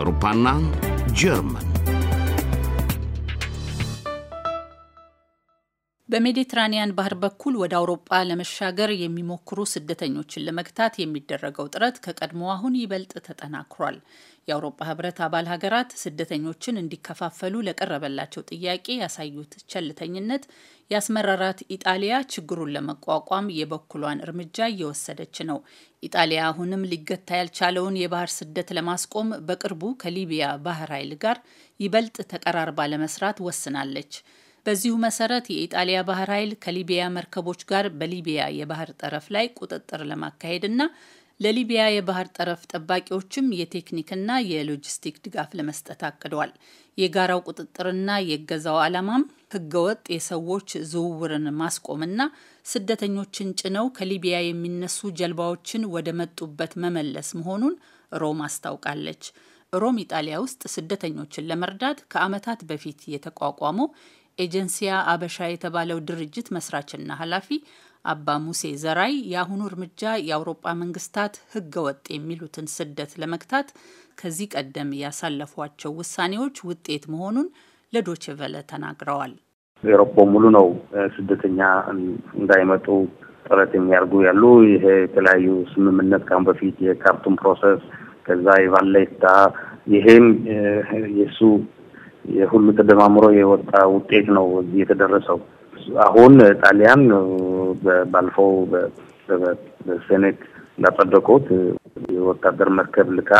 Rupanang Jerman በሜዲትራኒያን ባህር በኩል ወደ አውሮጳ ለመሻገር የሚሞክሩ ስደተኞችን ለመግታት የሚደረገው ጥረት ከቀድሞ አሁን ይበልጥ ተጠናክሯል። የአውሮጳ ህብረት አባል ሀገራት ስደተኞችን እንዲከፋፈሉ ለቀረበላቸው ጥያቄ ያሳዩት ቸልተኝነት ያስመረራት ኢጣሊያ ችግሩን ለመቋቋም የበኩሏን እርምጃ እየወሰደች ነው። ኢጣሊያ አሁንም ሊገታ ያልቻለውን የባህር ስደት ለማስቆም በቅርቡ ከሊቢያ ባህር ኃይል ጋር ይበልጥ ተቀራርባ ለመስራት ወስናለች። በዚሁ መሰረት የኢጣሊያ ባህር ኃይል ከሊቢያ መርከቦች ጋር በሊቢያ የባህር ጠረፍ ላይ ቁጥጥር ለማካሄድና ለሊቢያ የባህር ጠረፍ ጠባቂዎችም የቴክኒክና የሎጂስቲክ ድጋፍ ለመስጠት አቅደዋል። የጋራው ቁጥጥርና የገዛው ዓላማም ህገወጥ የሰዎች ዝውውርን ማስቆምና ስደተኞችን ጭነው ከሊቢያ የሚነሱ ጀልባዎችን ወደ መጡበት መመለስ መሆኑን ሮም አስታውቃለች። ሮም ኢጣሊያ ውስጥ ስደተኞችን ለመርዳት ከዓመታት በፊት የተቋቋመው ኤጀንሲያ አበሻ የተባለው ድርጅት መስራችና ኃላፊ አባ ሙሴ ዘራይ የአሁኑ እርምጃ የአውሮጳ መንግስታት ህገወጥ የሚሉትን ስደት ለመግታት ከዚህ ቀደም ያሳለፏቸው ውሳኔዎች ውጤት መሆኑን ለዶችቨለ ተናግረዋል። ኤሮፖ ሙሉ ነው ስደተኛ እንዳይመጡ ጥረት የሚያርጉ ያሉ ይሄ የተለያዩ ስምምነት ካሁን በፊት የካርቱም ፕሮሰስ ከዛ የቫሌታ ይሄም የእሱ የሁሉ ተደማምሮ የወጣ ውጤት ነው እዚህ የተደረሰው። አሁን ጣሊያን ባለፈው በሴኔት እንዳጸደቁት የወታደር መርከብ ልካ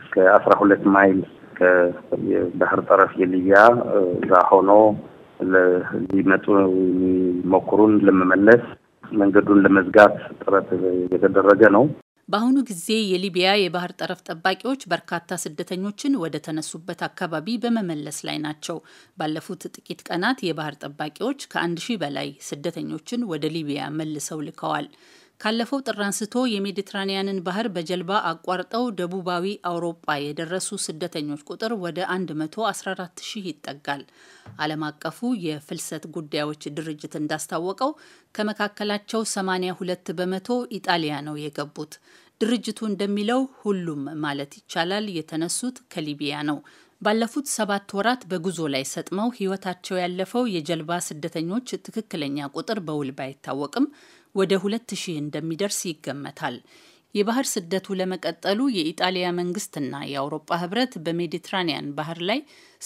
እስከ አስራ ሁለት ማይል ከባህር ጠረፍ የልያ እዛ ሆኖ ሊመጡ የሚሞክሩን ለመመለስ መንገዱን ለመዝጋት ጥረት እየተደረገ ነው። በአሁኑ ጊዜ የሊቢያ የባህር ጠረፍ ጠባቂዎች በርካታ ስደተኞችን ወደ ተነሱበት አካባቢ በመመለስ ላይ ናቸው። ባለፉት ጥቂት ቀናት የባህር ጠባቂዎች ከአንድ ሺህ በላይ ስደተኞችን ወደ ሊቢያ መልሰው ልከዋል። ካለፈው ጥር አንስቶ የሜዲትራኒያንን ባህር በጀልባ አቋርጠው ደቡባዊ አውሮጳ የደረሱ ስደተኞች ቁጥር ወደ 114 ሺህ ይጠጋል። ዓለም አቀፉ የፍልሰት ጉዳዮች ድርጅት እንዳስታወቀው ከመካከላቸው 82 በመቶ ኢጣሊያ ነው የገቡት። ድርጅቱ እንደሚለው ሁሉም ማለት ይቻላል የተነሱት ከሊቢያ ነው። ባለፉት ሰባት ወራት በጉዞ ላይ ሰጥመው ሕይወታቸው ያለፈው የጀልባ ስደተኞች ትክክለኛ ቁጥር በውል ባይታወቅም ወደ ሁለት ሺህ እንደሚደርስ ይገመታል። የባህር ስደቱ ለመቀጠሉ የኢጣሊያ መንግስትና የአውሮፓ ህብረት በሜዲትራኒያን ባህር ላይ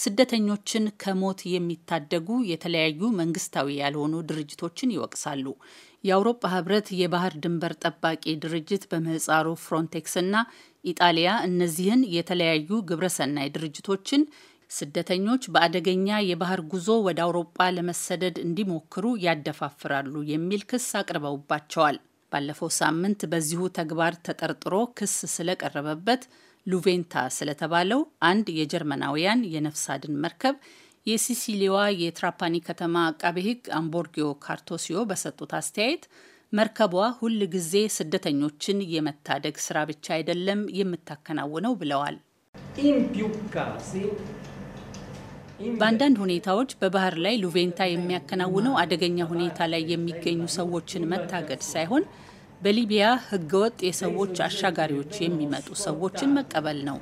ስደተኞችን ከሞት የሚታደጉ የተለያዩ መንግስታዊ ያልሆኑ ድርጅቶችን ይወቅሳሉ። የአውሮፓ ህብረት የባህር ድንበር ጠባቂ ድርጅት በምህፃሩ ፍሮንቴክስና ኢጣሊያ እነዚህን የተለያዩ ግብረሰናይ ድርጅቶችን ስደተኞች በአደገኛ የባህር ጉዞ ወደ አውሮጳ ለመሰደድ እንዲሞክሩ ያደፋፍራሉ የሚል ክስ አቅርበውባቸዋል። ባለፈው ሳምንት በዚሁ ተግባር ተጠርጥሮ ክስ ስለቀረበበት ሉቬንታ ስለተባለው አንድ የጀርመናውያን የነፍስ አድን መርከብ የሲሲሊዋ የትራፓኒ ከተማ አቃቤ ሕግ አምቦርጊዮ ካርቶሲዮ በሰጡት አስተያየት መርከቧ ሁል ጊዜ ስደተኞችን የመታደግ ስራ ብቻ አይደለም የምታከናውነው ብለዋል። በአንዳንድ ሁኔታዎች በባህር ላይ ሉቬንታ የሚያከናውነው አደገኛ ሁኔታ ላይ የሚገኙ ሰዎችን መታገድ ሳይሆን በሊቢያ ህገወጥ የሰዎች አሻጋሪዎች የሚመጡ ሰዎችን መቀበል ነው።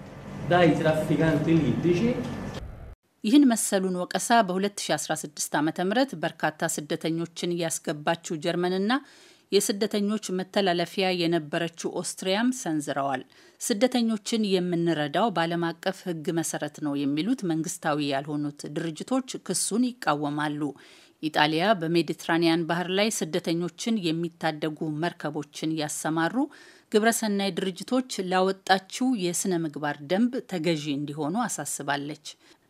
ይህን መሰሉን ወቀሳ በ2016 ዓ ም በርካታ ስደተኞችን ያስገባችው ጀርመንና የስደተኞች መተላለፊያ የነበረችው ኦስትሪያም ሰንዝረዋል። ስደተኞችን የምንረዳው በዓለም አቀፍ ሕግ መሰረት ነው የሚሉት መንግስታዊ ያልሆኑት ድርጅቶች ክሱን ይቃወማሉ። ኢጣሊያ በሜዲትራኒያን ባህር ላይ ስደተኞችን የሚታደጉ መርከቦችን ያሰማሩ ግብረሰናይ ድርጅቶች ላወጣችው የስነ ምግባር ደንብ ተገዢ እንዲሆኑ አሳስባለች።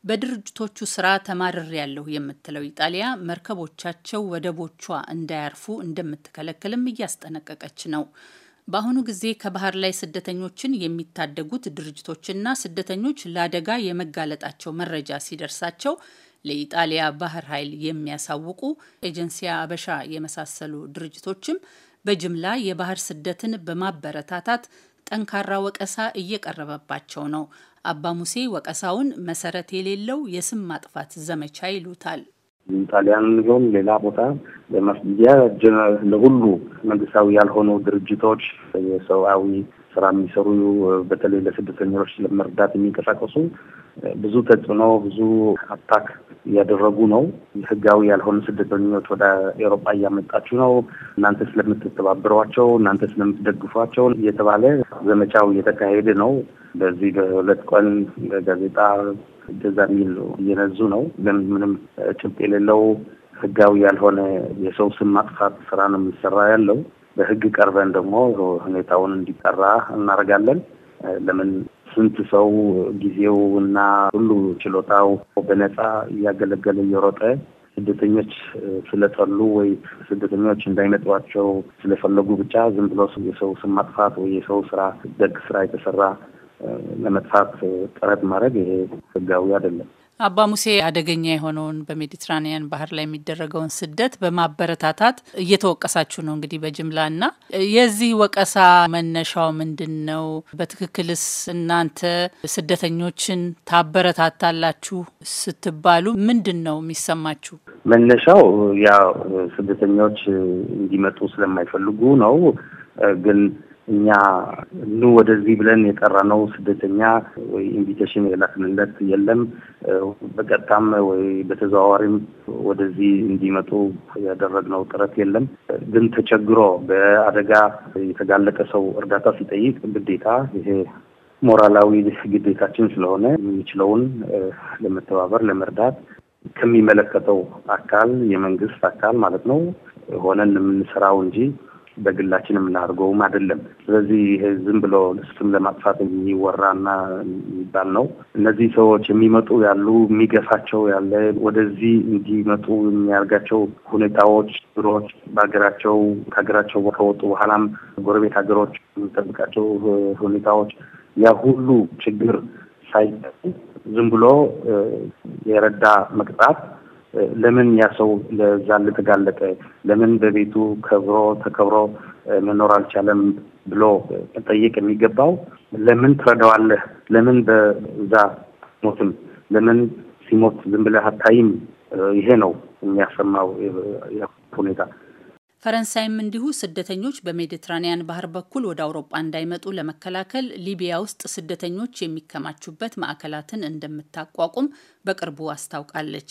በድርጅቶቹ ስራ ተማርሬ ያለሁ የምትለው ኢጣሊያ መርከቦቻቸው ወደቦቿ እንዳያርፉ እንደምትከለክልም እያስጠነቀቀች ነው። በአሁኑ ጊዜ ከባህር ላይ ስደተኞችን የሚታደጉት ድርጅቶችና ስደተኞች ለአደጋ የመጋለጣቸው መረጃ ሲደርሳቸው ለኢጣሊያ ባህር ኃይል የሚያሳውቁ ኤጀንሲያ አበሻ የመሳሰሉ ድርጅቶችም በጅምላ የባህር ስደትን በማበረታታት ጠንካራ ወቀሳ እየቀረበባቸው ነው። አባ ሙሴ ወቀሳውን መሰረት የሌለው የስም ማጥፋት ዘመቻ ይሉታል። ጣሊያን ሊሆን ሌላ ቦታ ለማስያ ለሁሉ መንግስታዊ ያልሆኑ ድርጅቶች የሰብአዊ ስራ የሚሰሩ በተለይ ለስደተኞች ለመርዳት የሚንቀሳቀሱ ብዙ ተጽዕኖ ብዙ አታክ እያደረጉ ነው። ህጋዊ ያልሆኑ ስደተኞች ወደ ኤሮጳ እያመጣችሁ ነው፣ እናንተ ስለምትተባበሯቸው፣ እናንተ ስለምትደግፏቸው እየተባለ ዘመቻው እየተካሄደ ነው። በዚህ በሁለት ቀን በጋዜጣ እንደዛ የሚል እየነዙ ነው። ግን ምንም ጭብጥ የሌለው ህጋዊ ያልሆነ የሰው ስም ማጥፋት ስራ ነው የሚሰራ ያለው። በህግ ቀርበን ደግሞ ሁኔታውን እንዲጠራ እናደርጋለን። ለምን ስንት ሰው ጊዜው እና ሁሉ ችሎታው በነፃ እያገለገለ እየሮጠ ስደተኞች ስለጠሉ ወይ ስደተኞች እንዳይመጧቸው ስለፈለጉ ብቻ ዝም ብሎ የሰው ስም ማጥፋት ወይ የሰው ስራ ደግ ስራ የተሰራ ለመጥፋት ጥረት ማድረግ ይሄ ህጋዊ አይደለም። አባ ሙሴ አደገኛ የሆነውን በሜዲትራኒያን ባህር ላይ የሚደረገውን ስደት በማበረታታት እየተወቀሳችሁ ነው እንግዲህ በጅምላ እና የዚህ ወቀሳ መነሻው ምንድን ነው? በትክክልስ እናንተ ስደተኞችን ታበረታታላችሁ ስትባሉ ምንድን ነው የሚሰማችሁ? መነሻው ያው ስደተኞች እንዲመጡ ስለማይፈልጉ ነው ግን እኛ ኑ ወደዚህ ብለን ነው ስደተኛ ወይ ኢንቪቴሽን የላክንለት የለም። በቀጥታም ወይ በተዘዋዋሪም ወደዚህ እንዲመጡ ያደረግነው ጥረት የለም። ግን ተቸግሮ በአደጋ የተጋለጠ ሰው እርዳታ ሲጠይቅ ግዴታ ይሄ ሞራላዊ ግዴታችን ስለሆነ የሚችለውን ለመተባበር ለመርዳት ከሚመለከተው አካል የመንግስት አካል ማለት ነው ሆነን የምንሰራው እንጂ በግላችንም እናድርገውም አይደለም። ስለዚህ ዝም ብሎ ስም ለማጥፋት የሚወራና የሚባል ነው። እነዚህ ሰዎች የሚመጡ ያሉ የሚገፋቸው ያለ ወደዚህ እንዲመጡ የሚያርጋቸው ሁኔታዎች ብሮች በሀገራቸው ከሀገራቸው ከወጡ በኋላም ጎረቤት ሀገሮች የሚጠብቃቸው ሁኔታዎች ያ ሁሉ ችግር ሳይ ዝም ብሎ የረዳ መቅጣት ለምን ያ ሰው ለዛ ለተጋለጠ ለምን በቤቱ ከብሮ ተከብሮ መኖር አልቻለም ብሎ ጠየቅ የሚገባው ለምን ትረዳዋለህ? ለምን በዛ ሞትም ለምን ሲሞት ዝም ብለህ አታይም? ይሄ ነው የሚያሰማው ሁኔታ። ፈረንሳይም እንዲሁ ስደተኞች በሜዲትራኒያን ባህር በኩል ወደ አውሮጳ እንዳይመጡ ለመከላከል ሊቢያ ውስጥ ስደተኞች የሚከማቹበት ማዕከላትን እንደምታቋቁም በቅርቡ አስታውቃለች።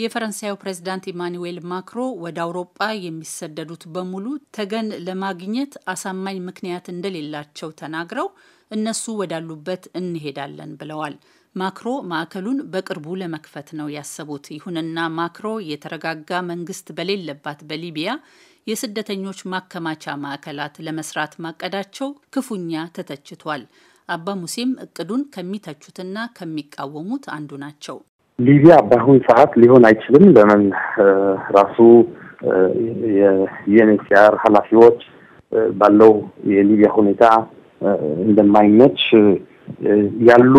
የፈረንሳዩ ፕሬዚዳንት ኢማኑዌል ማክሮ ወደ አውሮጳ የሚሰደዱት በሙሉ ተገን ለማግኘት አሳማኝ ምክንያት እንደሌላቸው ተናግረው እነሱ ወዳሉበት እንሄዳለን ብለዋል። ማክሮ ማዕከሉን በቅርቡ ለመክፈት ነው ያሰቡት። ይሁንና ማክሮ የተረጋጋ መንግስት በሌለባት በሊቢያ የስደተኞች ማከማቻ ማዕከላት ለመስራት ማቀዳቸው ክፉኛ ተተችቷል። አባ ሙሴም እቅዱን ከሚተቹትና ከሚቃወሙት አንዱ ናቸው። ሊቢያ በአሁን ሰዓት ሊሆን አይችልም። ለምን ራሱ የዩኤንኤችሲአር ኃላፊዎች ባለው የሊቢያ ሁኔታ እንደማይመች ያሉ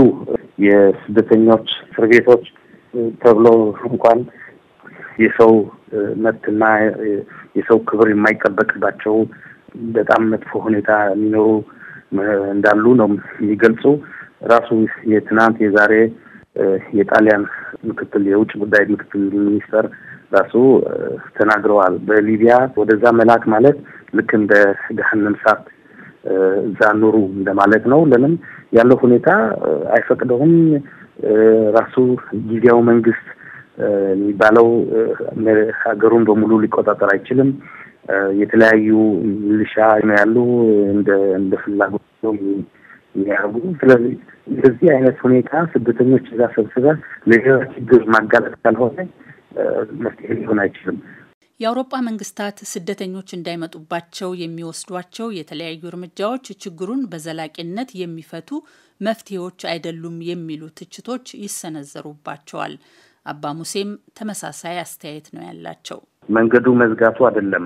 የስደተኞች እስር ቤቶች ተብሎ እንኳን የሰው መብትና የሰው ክብር የማይጠበቅባቸው በጣም መጥፎ ሁኔታ የሚኖሩ እንዳሉ ነው የሚገልጹ ራሱ የትናንት የዛሬ የጣሊያን ምክትል የውጭ ጉዳይ ምክትል ሚኒስተር ራሱ ተናግረዋል። በሊቢያ ወደዛ መላክ ማለት ልክ እንደ ገሀነም እሳት እዛ ኑሩ እንደማለት ነው። ለምን ያለው ሁኔታ አይፈቅደውም። ራሱ ጊዜያዊ መንግስት የሚባለው ሀገሩን በሙሉ ሊቆጣጠር አይችልም። የተለያዩ ሚሊሻ ነው ያሉ እንደ እንደ ፍላጎት የሚያደርጉ። ስለዚህ እንደዚህ አይነት ሁኔታ ስደተኞች እዛ ሰብስበን ለሌላ ችግር ማጋለጥ ካልሆነ መፍትሄ ሊሆን አይችልም። የአውሮፓ መንግስታት ስደተኞች እንዳይመጡባቸው የሚወስዷቸው የተለያዩ እርምጃዎች ችግሩን በዘላቂነት የሚፈቱ መፍትሄዎች አይደሉም የሚሉ ትችቶች ይሰነዘሩባቸዋል። አባ ሙሴም ተመሳሳይ አስተያየት ነው ያላቸው። መንገዱ መዝጋቱ አይደለም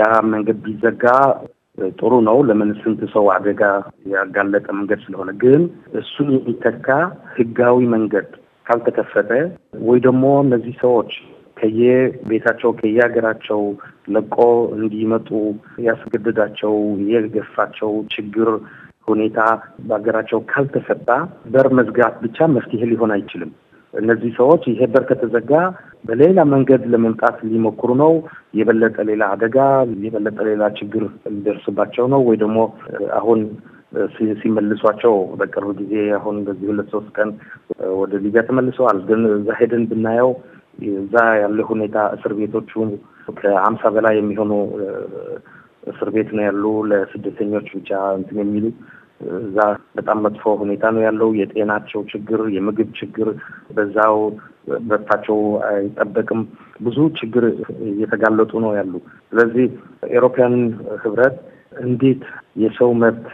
ያ መንገድ ቢዘጋ ጥሩ ነው። ለምን ስንት ሰው አደጋ ያጋለጠ መንገድ ስለሆነ። ግን እሱን የሚተካ ህጋዊ መንገድ ካልተከፈተ ወይ ደግሞ እነዚህ ሰዎች ከየቤታቸው ከየሀገራቸው ለቆ እንዲመጡ ያስገድዳቸው የገፋቸው ችግር ሁኔታ በሀገራቸው ካልተፈታ በር መዝጋት ብቻ መፍትሄ ሊሆን አይችልም። እነዚህ ሰዎች ይሄ በር ከተዘጋ በሌላ መንገድ ለመምጣት ሊሞክሩ ነው። የበለጠ ሌላ አደጋ፣ የበለጠ ሌላ ችግር ሊደርስባቸው ነው ወይ ደግሞ አሁን ሲመልሷቸው በቅርብ ጊዜ አሁን በዚህ ሁለት ሶስት ቀን ወደ ሊቢያ ተመልሰዋል። ግን እዛ ሄደን ብናየው እዛ ያለ ሁኔታ እስር ቤቶቹ ከአምሳ በላይ የሚሆኑ እስር ቤት ነው ያሉ ለስደተኞች ብቻ እንትን የሚሉ እዛ በጣም መጥፎ ሁኔታ ነው ያለው። የጤናቸው ችግር፣ የምግብ ችግር በዛው መብታቸው አይጠበቅም። ብዙ ችግር እየተጋለጡ ነው ያሉ። ስለዚህ ኤሮፓያን ህብረት እንዴት የሰው መብት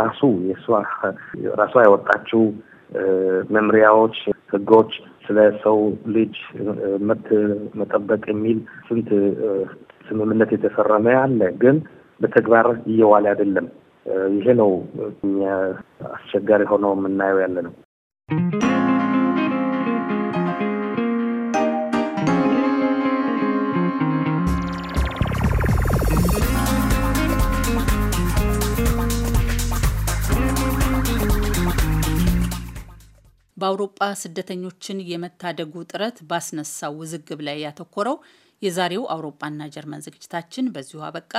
ራሱ ራሷ ያወጣችው መምሪያዎች፣ ህጎች ስለ ሰው ልጅ መብት መጠበቅ የሚል ስንት ስምምነት የተፈረመ አለ፣ ግን በተግባር እየዋለ አይደለም። ይሄ ነው አስቸጋሪ ሆኖ የምናየው ያለ ነው። በአውሮጳ ስደተኞችን የመታደጉ ጥረት ባስነሳው ውዝግብ ላይ ያተኮረው የዛሬው አውሮጳና ጀርመን ዝግጅታችን በዚሁ አበቃ።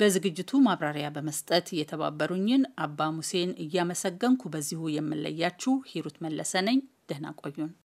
በዝግጅቱ ማብራሪያ በመስጠት የተባበሩኝን አባ ሙሴን እያመሰገንኩ በዚሁ የምለያችሁ ሂሩት መለሰ ነኝ። ደህና ቆዩን።